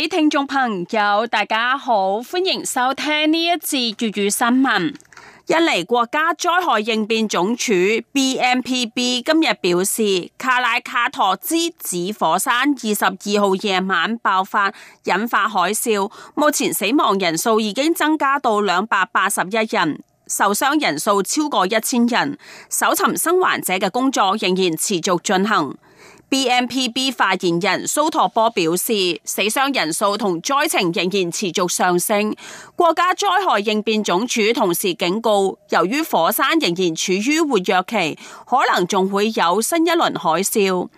各位聽眾朋友，大家好，歡迎收聽呢一次粵語新聞。印尼國家災害應變總署 BMPB 今日表示，卡拉卡托之子火山二十二號夜晚爆發，引發海嘯，目前死亡人數已經增加到兩百八十一人，受傷人數超過一千人，搜尋生還者嘅工作仍然持續進行。BMPB 發言人蘇托波表示，死傷人數同災情仍然持續上升。國家災害應變總署同時警告，由於火山仍然處於活躍期，可能仲會有新一輪海嘯。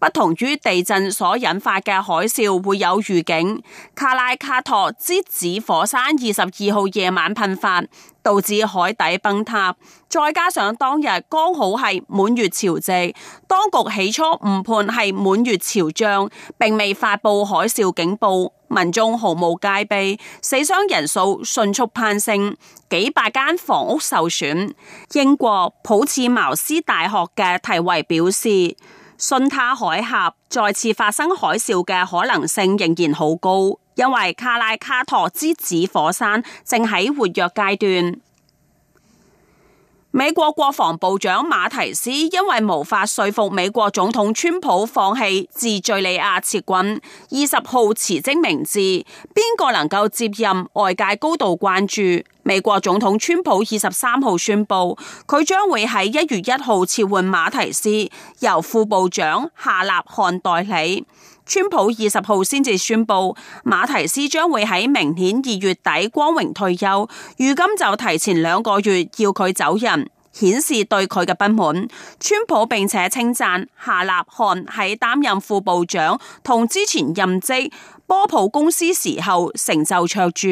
不同於地震所引發嘅海嘯會有預警，卡拉卡托之子火山二十二號夜晚噴發，導致海底崩塌。再加上當日剛好係滿月潮汐，當局起初誤判係滿月潮漲，並未發布海嘯警報，民眾毫無戒備，死傷人數迅速攀升，幾百間房屋受損，英國普茨茅斯大學嘅提維表示。巽他海峽再次發生海嘯嘅可能性仍然好高，因為卡拉卡托之子火山正喺活躍階段。美國國防部長馬提斯因為無法說服美國總統川普放棄自敘利亞撤軍，二十號辭職明志，邊個能夠接任，外界高度關注。美國總統川普二十三號宣布，佢將會喺一月一號撤換馬提斯，由副部長夏立漢代理。川普二十號先至宣布，馬提斯將會喺明年二月底光榮退休，如今就提前兩個月要佢走人，顯示對佢嘅不滿。川普並且稱讚夏納漢喺擔任副部長同之前任職。波普公司時候成就卓著。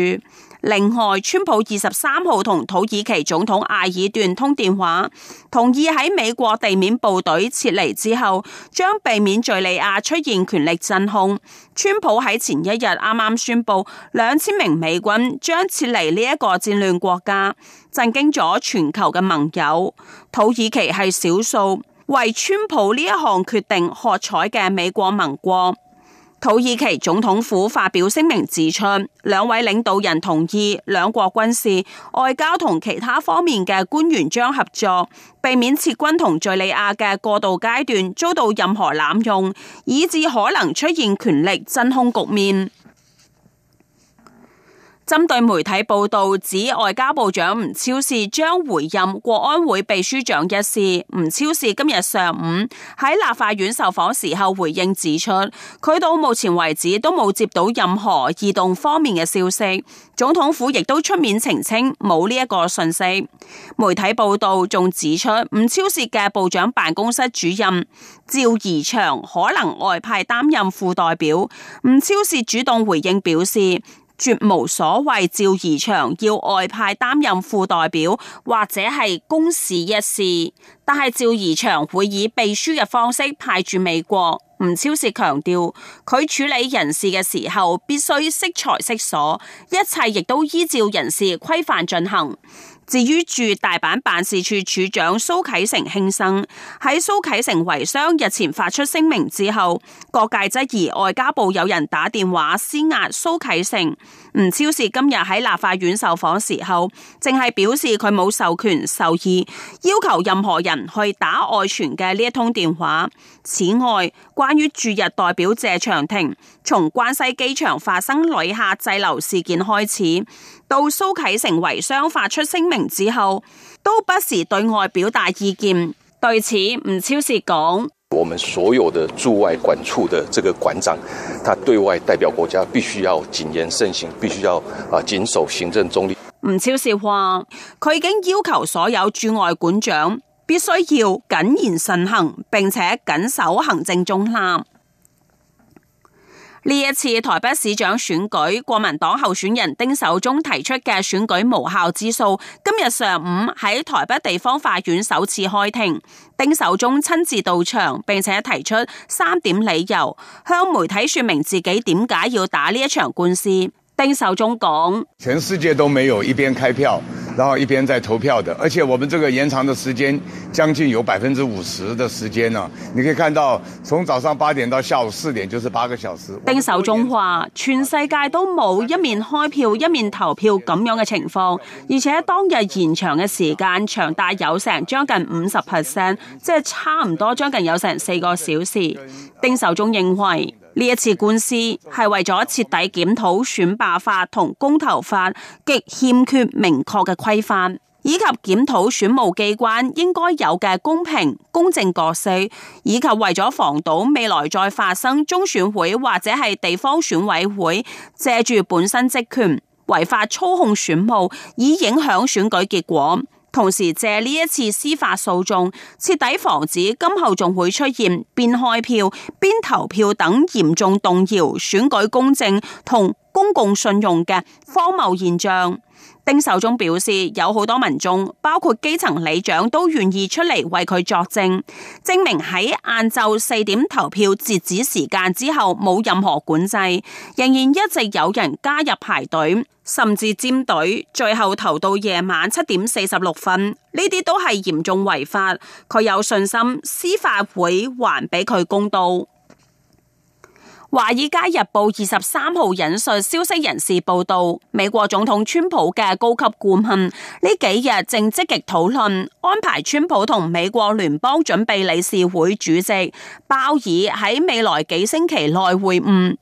另外，川普二十三號同土耳其總統艾爾段通電話，同意喺美國地面部隊撤離之後，將避免敘利亞出現權力真空。川普喺前一日啱啱宣布，兩千名美軍將撤離呢一個戰亂國家，震驚咗全球嘅盟友。土耳其係少數為川普呢一項決定喝彩嘅美國盟國。土耳其總統府發表聲明指出，兩位領導人同意兩國軍事、外交同其他方面嘅官員將合作，避免撤軍同敘利亞嘅過渡階段遭到任何濫用，以致可能出現權力真空局面。針對媒體報道指外交部長吳釗燮將回任國安會秘書長一事，吳釗燮今日上午喺立法院受訪時候回應指出，佢到目前為止都冇接到任何異動方面嘅消息，總統府亦都出面澄清冇呢一個訊息。媒體報道仲指出，吳釗燮嘅部長辦公室主任趙宜祥可能外派擔任副代表，吳釗燮主動回應表示。絕無所謂趙宜祥要外派擔任副代表或者係公事一事，但係趙宜祥會以秘書嘅方式派駐美國。吳釗燮強調，佢處理人事嘅時候必須適才適所，一切亦都依照人事規範進行。至於駐大阪辦事處處長蘇啟誠輕生，喺蘇啟誠遺孀日前發出聲明之後，各界質疑外交部有人打電話施壓蘇啟誠。吳釗燮今日喺立法院受訪時候，淨係表示佢冇授權授意，要求任何人去打外傳嘅呢一通電話。此外，關於駐日代表謝長廷，從關西機場發生旅客滯留事件開始。到蘇啟誠遺孀發出聲明之後，都不時對外表達意見。對此，吳釗燮講：，我們所有的駐外館處的這個館長，他對外代表國家，必須要謹言慎行，必須要啊謹守行政中立。吳釗燮話：，佢已經要求所有駐外館長必須要謹言慎行，並且謹守行政中立。呢一次台北市長選舉，國民黨候選人丁守中提出嘅選舉無效之訴，今日上午喺台北地方法院首次開庭。丁守中親自到場，並且提出三點理由，向媒體說明自己點解要打呢一場官司。丁守中講：全世界都沒有一邊開票，然後一邊在投票的，而且我們這個延長的時間將近有百分之五十的時間呢、啊。你可以看到，從早上八點到下午四點，就是八個小時。丁守中話：全世界都冇一面開票一面投票咁樣嘅情況，而且當日延長嘅時間長達有成將，將近五十 percent，即係差唔多，將近有成四個小時。丁守中認為。呢一次官司係為咗徹底檢討選罷法同公投法極欠缺明確嘅規範，以及檢討選務機關應該有嘅公平公正角色，以及為咗防堵未來再發生中選會或者係地方選委會借住本身職權違法操控選務，以影響選舉結果。同時借呢一次司法訴訟，徹底防止今後仲會出現邊開票邊投票等嚴重動搖選舉公正同公共信用嘅荒謬現象。丁守中表示，有好多民眾，包括基層里長，都願意出嚟為佢作證，證明喺晏晝四點投票截止時間之後冇任何管制，仍然一直有人加入排隊，甚至占隊，最後投到夜晚七點四十六分。呢啲都係嚴重違法，佢有信心司法會還俾佢公道。《華爾街日報》二十三號引述消息人士報道，美國總統川普嘅高級顧問呢幾日正積極討論安排川普同美國聯邦準備理事會主席鮑爾喺未來幾星期內會晤。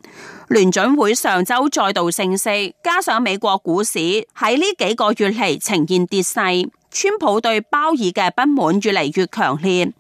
聯準會上週再度升息，加上美國股市喺呢幾個月嚟呈現跌勢。川普對鮑爾嘅不滿越嚟越強烈。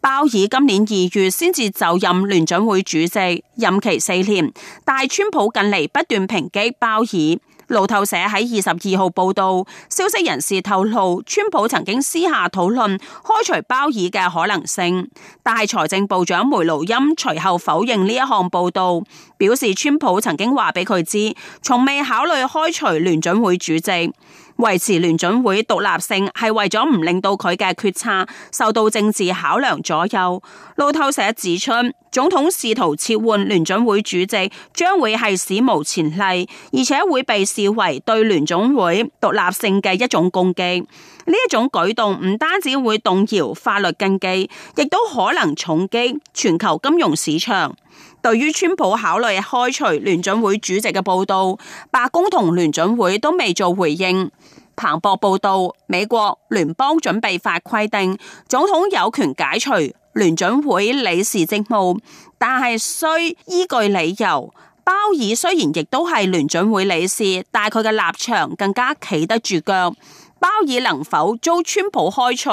鮑爾今年二月先至就任聯準會主席，任期四年。但係川普近嚟不斷抨擊鮑爾。路透社喺二十二號報道，消息人士透露，川普曾經私下討論開除鮑爾嘅可能性。但係財政部長梅魯欽隨後否認呢一項報道，表示川普曾經話俾佢知，從未考慮開除聯準會主席。維持聯準會獨立性係為咗唔令到佢嘅決策受到政治考量左右。路透社指出，總統試圖撤換聯準會主席將會係史無前例，而且會被視為對聯準會獨立性嘅一種攻擊。呢一種舉動唔單止會動搖法律根基，亦都可能重擊全球金融市場。對於川普考慮開除聯準會主席嘅報導，白宮同聯準會都未做回應。彭博報道，美國聯邦準備法規定總統有權解除聯準會理事職務，但係需依據理由。鮑爾雖然亦都係聯準會理事，但佢嘅立場更加企得住腳。鮑爾能否遭川普開除，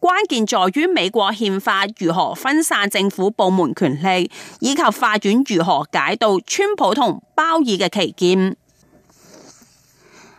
關鍵在於美國憲法如何分散政府部門權力，以及法院如何解讀川普同鮑爾嘅歧見。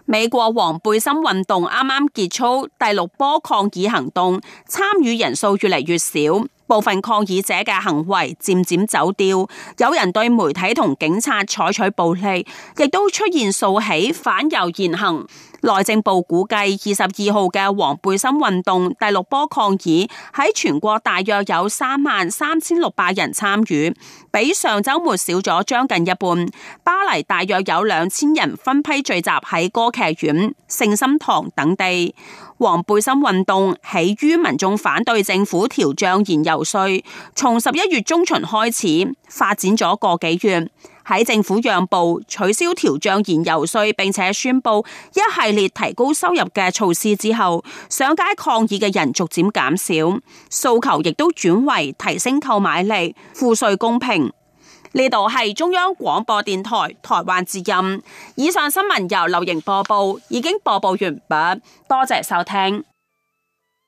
美國黃背心運動啱啱結束第六波抗議行動，參與人數越嚟越少，部分抗議者嘅行為漸漸走掉。有人對媒體同警察採取暴力，亦都出現數起反猶言行。內政部估計，二十二號嘅黃背心運動第六波抗議喺全國大約有三萬三千六百人參與，比上週末少咗將近一半。巴黎大約有兩千人分批聚集喺歌劇院、聖心堂等地。黃背心運動起於民眾反對政府調漲燃油稅，從十一月中旬開始發展咗個幾月。喺政府讓步、取消調漲燃油稅，並且宣布一系列提高收入嘅措施之後，上街抗議嘅人逐漸減少，訴求亦都轉為提升購買力、賦稅公平。呢度係中央廣播電台台灣節目。以上新聞由流瑩播報，已經播報完畢，多謝收聽。